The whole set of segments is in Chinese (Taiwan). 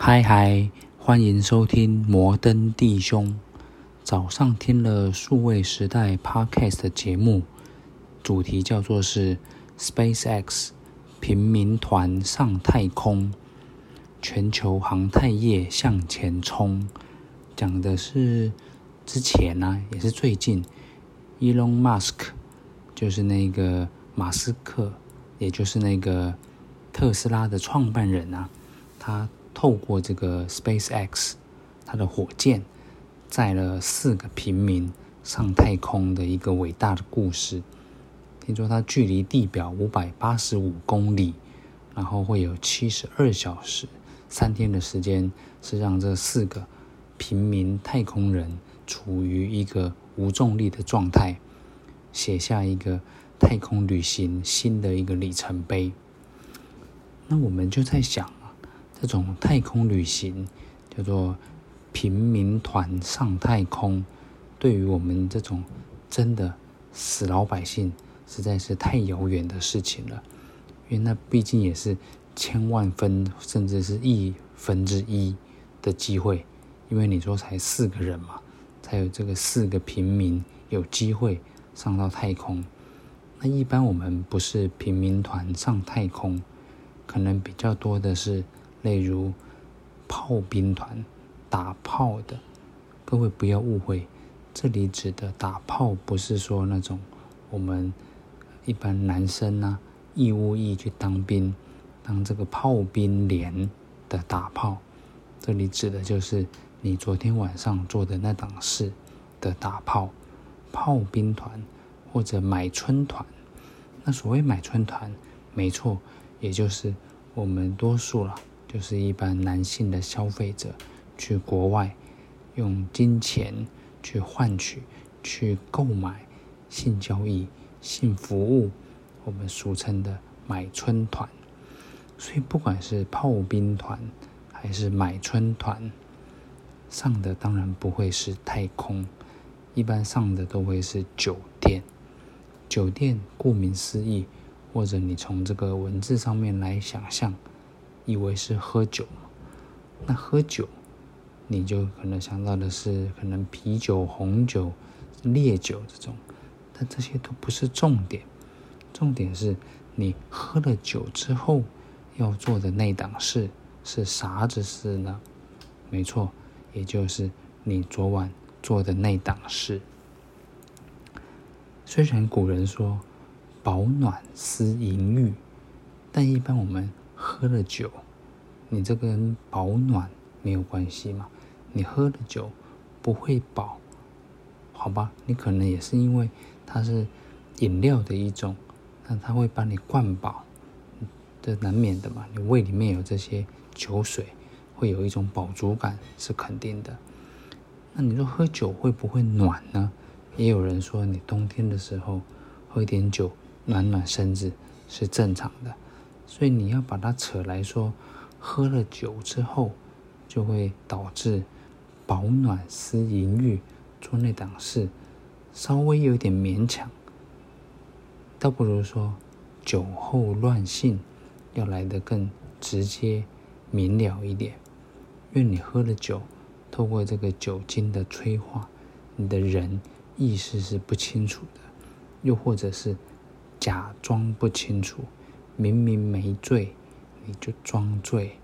嗨嗨，hi hi，歡迎收聽摩登弟兄。早上聽了數位時代 Podcast 的節目，主題叫做是 SpaceX 平民團上太空，全球航太業向前衝。講的是之前呢、啊，也是最近，Elon Musk 就是那個馬斯克，也就是那個特斯拉的創辦人啊，他。透過這個 SpaceX，它的火箭載了四個平民上太空的一個偉大的故事。聽說它距離地表五百八十五公里，然後會有七十二小時，三天的時間是讓這四個平民太空人處於一個無重力的狀態，寫下一個太空旅行新的一個里程碑。那我們就在想。這種太空旅行叫做平民團上太空，對於我們這種真的死老百姓，實在是太遙遠的事情了。因為那畢竟也是千萬分甚至是億分之一的機會。因為你說才四個人嘛，才有這個四個平民有機會上到太空。那一般我們不是平民團上太空，可能比較多的是。例如，炮兵團打炮的。各位不要誤會，這裡指的打炮不是說那種我們一般男生吶、啊、義務役去當兵當這個炮兵連的打炮，這裡指的就是你昨天晚上做的那檔事的打炮，炮兵團或者買春團。那所謂買春團，沒錯，也就是我們多數了。就是一般男性的消費者去國外用金錢去換取、去購買性交易、性服務，我們俗稱的買春團。所以不管是炮兵團還是買春團，上的當然不會是太空，一般上的都會是酒店。酒店顧名思義，或者你從這個文字上面來想象。以為是喝酒，那喝酒，你就可能想到的是可能啤酒、紅酒、烈酒這種，但這些都不是重點。重點是你喝了酒之後要做的那檔事是啥子事呢？沒錯，也就是你昨晚做的那檔事。雖然古人說“飽暖思淫慾”，但一般我們。喝了酒，你這跟保暖沒有關係嘛？你喝了酒不會飽，好吧？你可能也是因為它是飲料的一種，那它會把你灌飽，這難免的嘛。你胃裡面有這些酒水，會有一種飽足感是肯定的。那你說喝酒會不會暖呢？也有人說，你冬天的時候喝一點酒暖暖身子是正常的。所以你要把它扯來說，喝了酒之後就會導致飽暖思淫欲做那檔事，稍微有點勉強，倒不如說酒後亂性要來得更直接明了一點。因為你喝了酒，透過這個酒精的催化，你的人意識是不清楚的，又或者是假裝不清楚。明明沒醉，你就裝醉，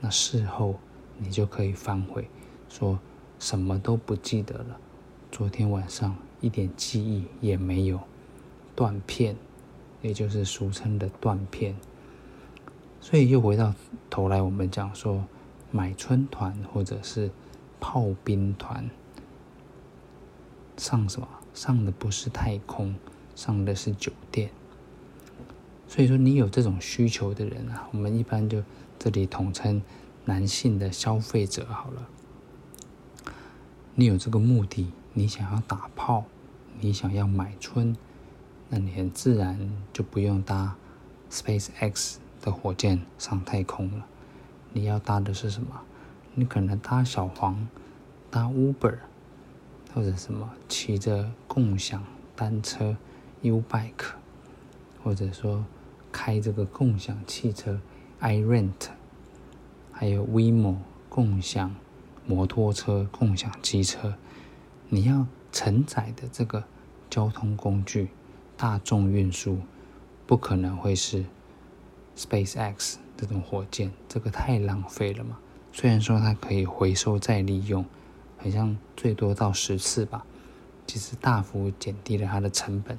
那事後你就可以反悔，說什麼都不記得了，昨天晚上一點記憶也沒有，斷片，也就是俗稱的斷片。所以又回到頭來，我們講說買春團或者是炮兵團，上什麼？上的不是太空，上的是酒店。所以說，你有這種需求的人啊，我們一般就這裡統稱男性的消費者好了。你有這個目的，你想要打炮，你想要買春，那你很自然就不用搭 SpaceX 的火箭上太空了。你要搭的是什麼？你可能搭小黃，搭 Uber，或者什麼騎着共享單車 Ubike，或者說。開這個共享汽車，iRent，還有 WeMo 共享摩托車、共享機車，你要承載的這個交通工具、大眾運輸，不可能會是 SpaceX 這種火箭，這個太浪費了嘛。雖然說它可以回收再利用，好像最多到十次吧，其實大幅減低了它的成本，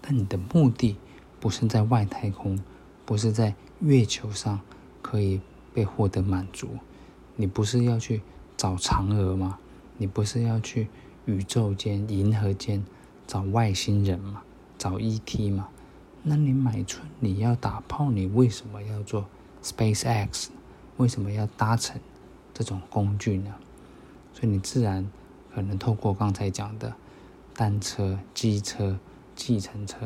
但你的目的。不是在外太空，不是在月球上可以被獲得滿足。你不是要去找嫦娥嗎？你不是要去宇宙間、銀河間找外星人嗎？找 E.T. 嗎？那你買春，你要打炮，你為什麼要做 SpaceX？為什麼要搭乘這種工具呢？所以你自然可能透過剛才講的單車、機車、計程車。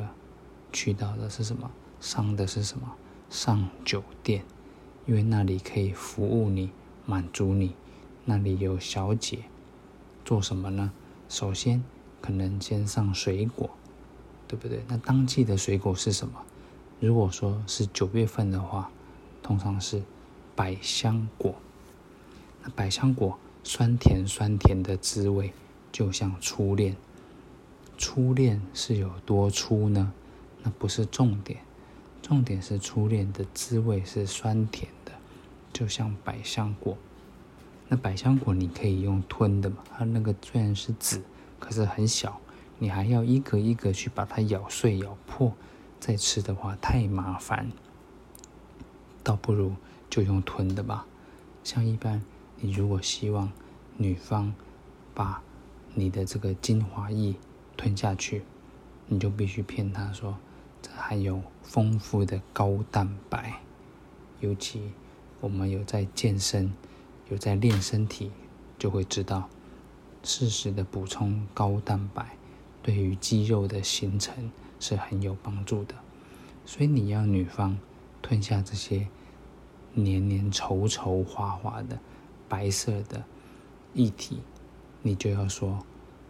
去到的是什麼？上的是什麼？上酒店，因為那裡可以服務你，滿足你。那裡有小姐，做什麼呢？首先，可能先上水果，對不對？那當季的水果是什麼？如果說是九月份的話，通常是百香果。那百香果酸甜酸甜的滋味，就像初戀。初戀是有多初呢？那不是重點，重點是初戀的滋味是酸甜的，就像百香果。那百香果你可以用吞的嘛？它那個雖然是籽，可是很小，你還要一個一個去把它咬碎、咬破再吃的話太麻煩，倒不如就用吞的吧。像一般，你如果希望女方把你的這個精華液吞下去，你就必須騙她說。這含有豐富的高蛋白，尤其我們有在健身，有在練身體，就會知道適時的補充高蛋白對於肌肉的形成是很有幫助的。所以你要女方吞下這些黏黏稠稠、滑滑的白色的液體，你就要說，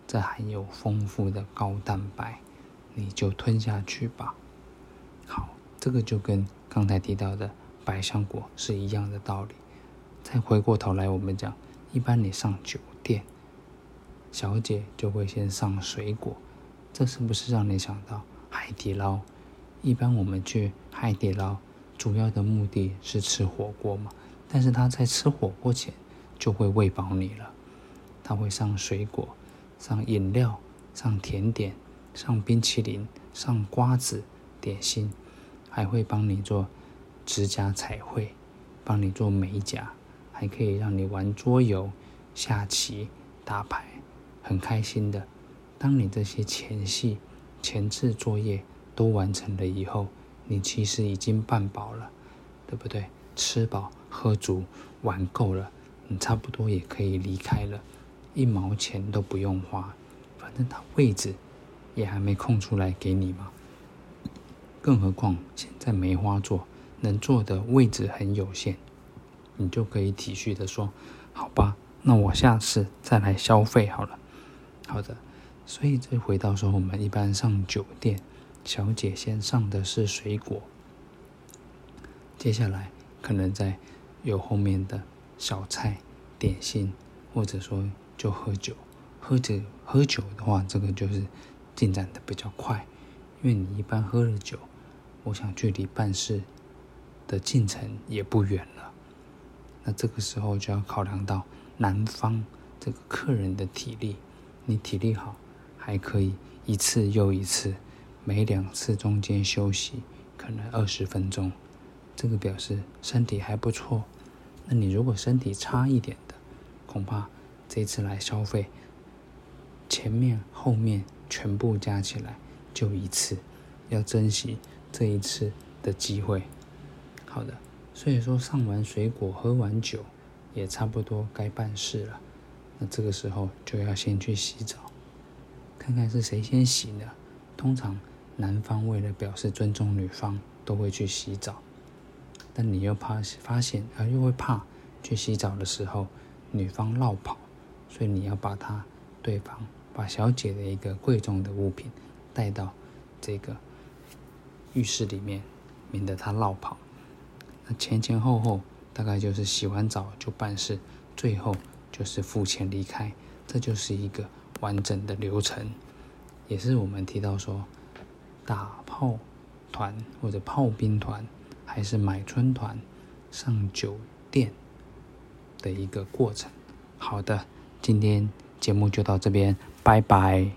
這含有豐富的高蛋白，你就吞下去吧。好，這個就跟剛才提到的百香果是一樣的道理。再回過頭來，我們講，一般你上酒店，小姐就會先上水果，這是不是讓你想到海底撈？一般我們去海底撈，主要的目的是吃火鍋嘛，但是他在吃火鍋前就會餵飽你了，他會上水果、上飲料、上甜點、上冰淇淋、上瓜子。點心，還會幫你做指甲彩繪，幫你做美甲，還可以讓你玩桌遊、下棋、打牌，很開心的。當你這些前戲、前置作業都完成了以後，你其實已經半飽了，對不對？吃飽、喝足、玩夠了，你差不多也可以離開了，一毛錢都不用花，反正他位置也還沒空出來給你嘛。更何況現在梅花座能坐的位置很有限，你就可以體恤的說，好吧，那我下次再來消費好了。好的，所以再回到說，我們一般上酒店，小姐先上的是水果，接下來可能再有後面的小菜、點心，或者說就喝酒，喝酒，喝酒的話，這個就是進展的比較快，因為你一般喝了酒。我想距離辦事的進程也不遠了，那這個時候就要考量到男方這個客人的體力。你體力好，還可以一次又一次，每兩次中間休息可能二十分鐘，這個表示身體還不錯。那你如果身體差一點的，恐怕這次來消費，前面後面全部加起來就一次，要珍惜。這一次的機會，好的，所以說上完水果，喝完酒，也差不多該辦事了。那這個時候就要先去洗澡，看看是誰先洗的。通常男方為了表示尊重女方，都會去洗澡，但你又怕發現，而、呃、又會怕去洗澡的時候女方落跑，所以你要把她對方把小姐的一個貴重的物品帶到這個。浴室裡面，免得他落跑。那前前後後大概就是洗完澡就辦事，最後就是付錢離開，這就是一個完整的流程，也是我們提到說打炮團或者炮兵團還是買春團上酒店的一個過程。好的，今天節目就到這邊，拜拜。